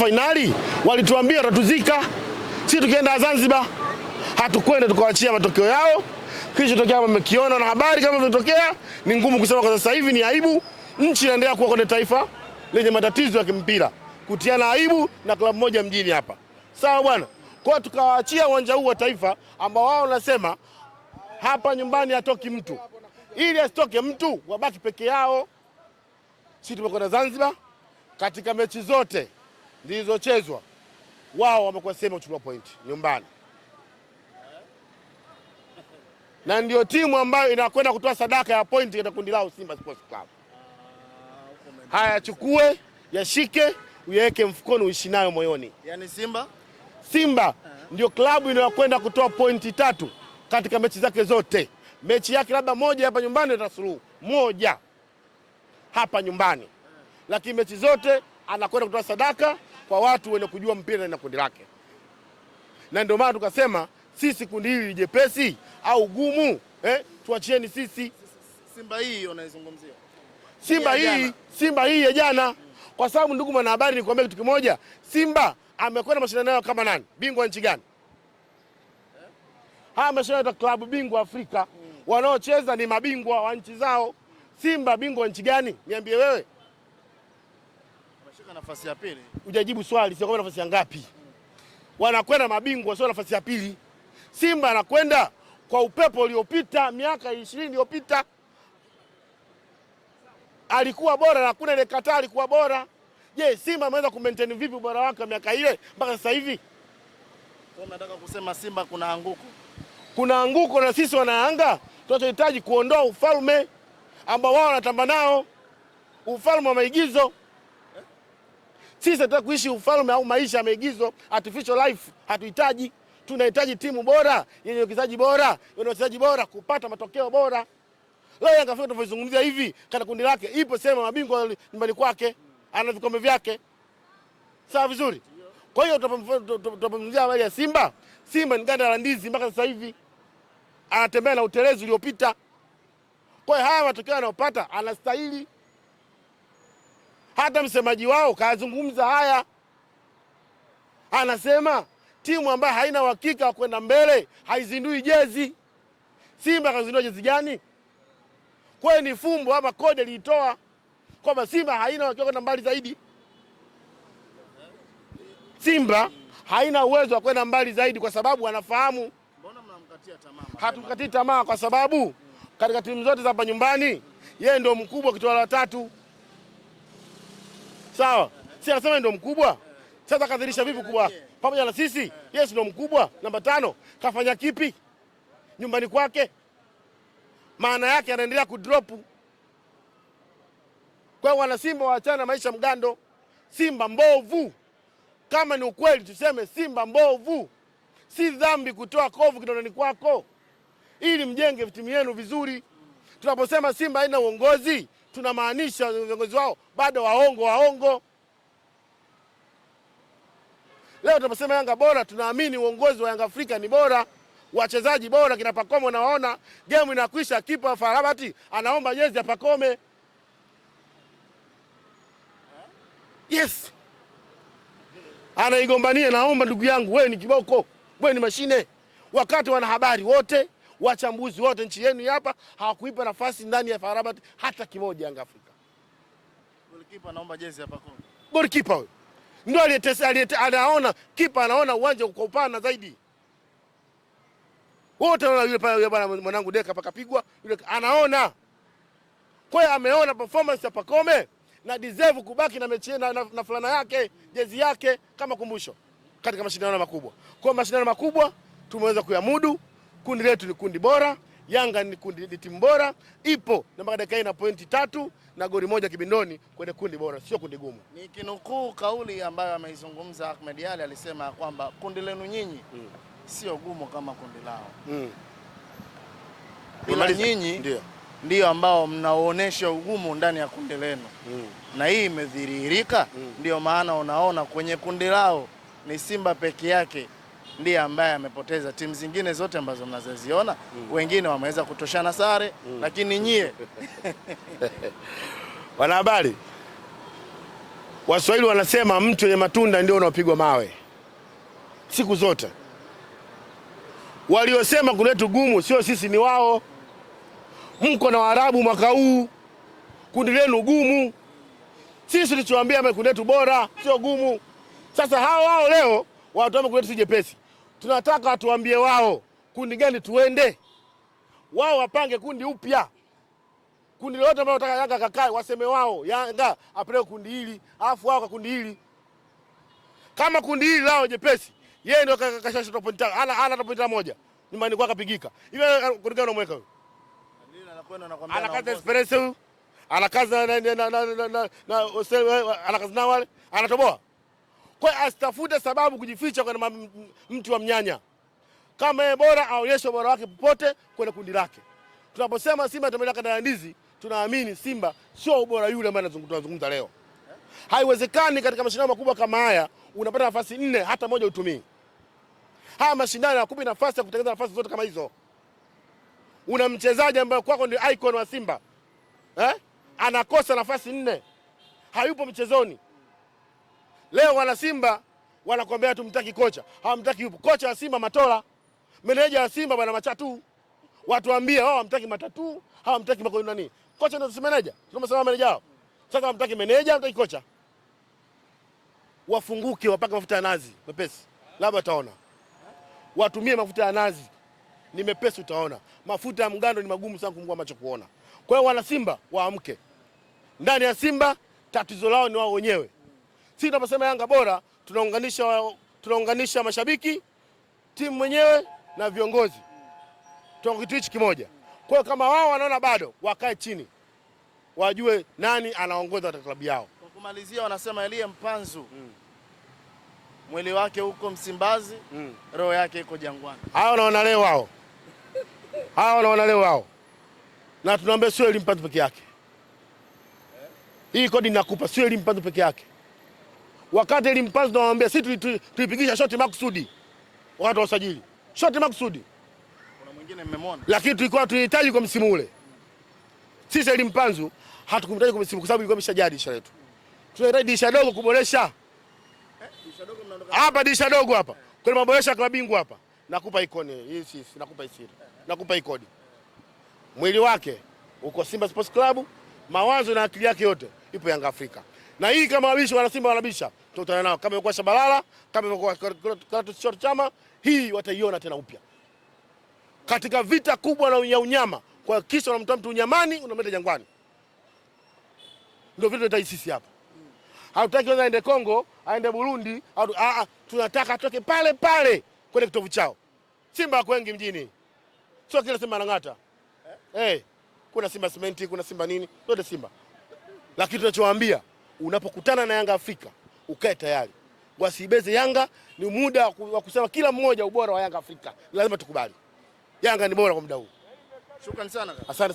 fainali walituambia watatuzika. si tukienda Zanzibar hatukwenda tukawachia matokeo yao. Kilichotokea kama mmekiona na habari kama vimetokea, ni ngumu kusema kwa sasa hivi, ni aibu. Nchi inaendelea kuwa kwenye taifa lenye matatizo ya kimpira, kutiana aibu na klabu moja mjini hapa, sawa bwana. Kwa tukawaachia uwanja huu wa taifa ambao wao wanasema hapa nyumbani hatoki mtu, ili asitoke mtu wabaki peke yao. Sisi tumekwenda Zanzibar katika mechi zote zilizochezwa wao wamekuwa sehemu ya kuchukua pointi nyumbani, na ndio timu ambayo inakwenda kutoa sadaka ya pointi katika kundi lao Simba Sports Club. Haya, yachukue, yashike, uyaweke mfukoni, uishi nayo moyoni. Yani Simba, Simba eh. ndio klabu inayokwenda kutoa pointi tatu katika mechi zake zote. Mechi yake labda moja hapa nyumbani atasuluhu moja hapa nyumbani, eh. lakini mechi zote anakwenda kutoa sadaka kwa watu wenye kujua mpira na kundi lake, na ndio maana tukasema sisi kundi hili jepesi au gumu eh, tuachieni sisi. Simba hii unaizungumzia Simba hii, Simba hii ya jana, kwa sababu ndugu mwanahabari, nikuambia kitu kimoja, Simba amekwenda mashindano yao kama nani, bingwa nchi gani? Haya mashindano ya klabu bingwa Afrika, mm. wanaocheza ni mabingwa wa nchi zao. Simba bingwa nchi gani? Niambie wewe na nafasi ya pili. Hujajibu swali, sio kama nafasi ya ngapi? Wanakwenda mabingwa, sio nafasi ya pili. Simba anakwenda kwa upepo uliopita miaka ishirini iliyopita alikuwa bora na kuna ile kataa alikuwa bora. Je, Simba ameweza kumaintain vipi ubora wake miaka ile mpaka sasa hivi? Nataka kusema Simba kuna anguko, kuna anguko, na sisi wanaanga tunachohitaji kuondoa ufalme ambao wao wanatamba nao, ufalme wa maigizo. Sisi tunataka kuishi ufalme au maisha ya maigizo, artificial life hatuhitaji. Tunahitaji timu bora yenye wachezaji bora yenye wachezaji bora kupata matokeo bora. Leo Yanga Afrika tunavyozungumzia hivi, kana kundi lake ipo sema mabingwa nyumbani kwake, ana vikombe vyake, sawa vizuri. Kwa hiyo tunapozungumzia habari ya Simba, Simba ni ganda la ndizi mpaka sasa hivi, anatembea na utelezi uliopita. Kwa hiyo haya matokeo anayopata anastahili hata msemaji wao kazungumza haya, anasema timu ambayo haina uhakika wa kwenda mbele haizindui jezi. Simba kazindua jezi gani? Kwayo ni fumbo ama kode liitoa kwamba Simba haina uhakika kwenda mbali zaidi. Simba haina uwezo wa kwenda mbali zaidi kwa sababu wanafahamu Hatumkatii tamaa kwa sababu katika timu zote za hapa nyumbani yeye ndio mkubwa, kitwala watatu sawa, si anasema ndio mkubwa. Sasa kadhirisha vipi kubwa pamoja na sisi? Yesu ndio mkubwa. Namba tano, kafanya kipi nyumbani kwake? Maana yake anaendelea kudrop. Kwa wana wanasimba waachana na maisha mgando. Simba mbovu, kama ni ukweli tuseme Simba mbovu. Si dhambi kutoa kovu kidondoni kwako, ili mjenge timu yenu vizuri. Tunaposema Simba haina uongozi tunamaanisha viongozi wao bado waongo waongo. Leo tunaposema Yanga bora, tunaamini uongozi wa Yanga Afrika ni bora, wachezaji bora, kina Pakome unawaona gemu inakwisha, kipa Farabati anaomba jezi ya Pakome. Yes, anaigombania, naomba ndugu yangu, wewe ni kiboko, wewe ni mashine, wakati wanahabari wote wachambuzi wote nchi yenu hapa hawakuipa nafasi ndani ya FAR Rabat hata kimoja Yanga Afrika. Golikipa anaomba jezi hapa kwa. Golikipa huyo ndio aliyetesa, anaona kipa anaona uwanja kwa upana zaidi. Wote wanaona yule pale, bwana mwanangu Deka pakapigwa, yule anaona. Kwa hiyo ameona performance ya Pakome na deserve kubaki na mechi na, na, na fulana yake, jezi yake kama kumbusho katika mashindano makubwa. Kwa mashindano makubwa tumeweza kuyamudu kundi letu ni kundi bora. Yanga ni kundi ni timu bora ipo na mpaka dakika hii na pointi tatu na goli moja kibindoni kwenye kundi bora, sio kundi gumu. Nikinukuu kauli ambayo ameizungumza Ahmed Ally, alisema kwamba kundi lenu nyinyi mm. sio gumu kama kundi lao mm. ila nyinyi ndiyo ambao mnaonesha ugumu ndani ya kundi lenu mm. na hii imedhihirika mm. ndiyo maana unaona kwenye kundi lao ni Simba peke yake ndiye ambaye amepoteza. Timu zingine zote ambazo mnazoziona mm. wengine wameweza kutoshana sare mm. lakini nyie wanahabari, Waswahili wanasema mtu wenye matunda ndio unaopigwa mawe siku zote. Waliosema kuletu gumu sio sisi, ni wao. Mko na Waarabu mwaka huu, kundi lenu gumu. Sisi tulichoambia kundi letu bora sio gumu. Sasa hao wao leo watu wamekuleta si jepesi tunataka watuambie wao kundi gani tuende, wao wapange kundi upya. Kundi lolote ambao wataka Yanga kakae, waseme wao Yanga apeleke kundi hili, alafu wao kwa kundi hili. Kama kundi hili lao jepesi, yeye ndio kashashuta pointi tano, ana ana point moja nyumbani kwa kapigika hivi. Kundi gani unamweka huyo? Anakaza Esperance huyu, anakaza na na na na, na, na, na na anatoboa kwa asitafute sababu kujificha kwa mtu wa mnyanya, kama yeye bora aonyeshe ubora wake popote kwenye kundi lake. Tunaposema Simba atamelea kanda ya ndizi, tunaamini Simba sio ubora yule ambaye tunazungumza leo. Haiwezekani katika mashindano makubwa kama haya unapata nafasi nne hata moja utumii. Haya mashindano yanakupa nafasi ya kutengeneza nafasi zote kama hizo. Una mchezaji ambaye kwako ndio icon wa Simba eh? Anakosa nafasi nne, hayupo mchezoni. Leo wana Simba wanakuambia tumtaki kocha, hawamtaki yupo kocha wa Simba Matola, meneja wa Simba bwana Machatu, watuambie wao oh, hawamtaki Matatu, hawamtaki makoni nani, kocha ndio si meneja, tunamsema meneja wao. Sasa hawamtaki meneja, hawamtaki kocha, wafunguke, wapake mafuta ya nazi mepesi, labda utaona, watumie mafuta ya nazi ni mepesi, utaona. Mafuta ya mgando ni magumu sana kumgua macho kuona. Kwa hiyo wana Simba waamke, ndani ya Simba tatizo lao ni wao wenyewe si tunaposema Yanga bora tunaunganisha, tunaunganisha mashabiki, timu mwenyewe na viongozi, tuna kitu hichi kimoja. Kwa hiyo kama wao wanaona bado, wakae chini wajue nani anaongoza katika klabu yao. Kwa kumalizia, wanasema Elie Mpanzu mm. mwili wake huko Msimbazi mm. roho yake iko Jangwani. Hao wanaona leo wao hao wanaona leo wao, na tunaambia sio Elie Mpanzu peke yake, hii kodi nakupa, sio Elie Mpanzu peke yake wakati Limpazi tunamwambia sisi tulipigisha shoti makusudi wakati wa usajili, shoti makusudi. Kuna mwingine mmemwona, lakini tulikuwa tunahitaji kwa msimu ule. Sisi Limpazi hatukumhitaji kwa msimu, kwa sababu ilikuwa imeshajadi dirisha letu. Tunahitaji dirisha dogo kuboresha eh, hapa, dirisha dogo hapa kwa maboresha klabu bingwa hapa. Nakupa ikoni hii sisi, nakupa isiri, nakupa ikodi. Mwili wake uko Simba Sports Club, mawazo na akili yake yote ipo Yanga Afrika na hii kama wabishi wanasimba wanabisha, tutakutana nao kama imekuwa Shabalala, kama imekuwa Short Chama, hii wataiona tena upya katika vita kubwa na unya unyama. Kwa kisha unamtoa mtu unyamani unamleta jangwani, ndio vitu tunataka sisi hapa. Hatutaki wenza aende Kongo, aende Burundi, a a, tunataka atoke pale pale kwenye kitovu chao. Simba wako wengi mjini, sio kila simba anang'ata eh? Hey, eh. kuna simba simenti, kuna simba nini, zote simba, lakini tunachowaambia unapokutana na Yanga Afrika ukae tayari, wasibeze Yanga. Ni muda wa kusema kila mmoja ubora wa Yanga Afrika, lazima tukubali Yanga ni bora kwa muda huu. Shukrani sana. Asante sana.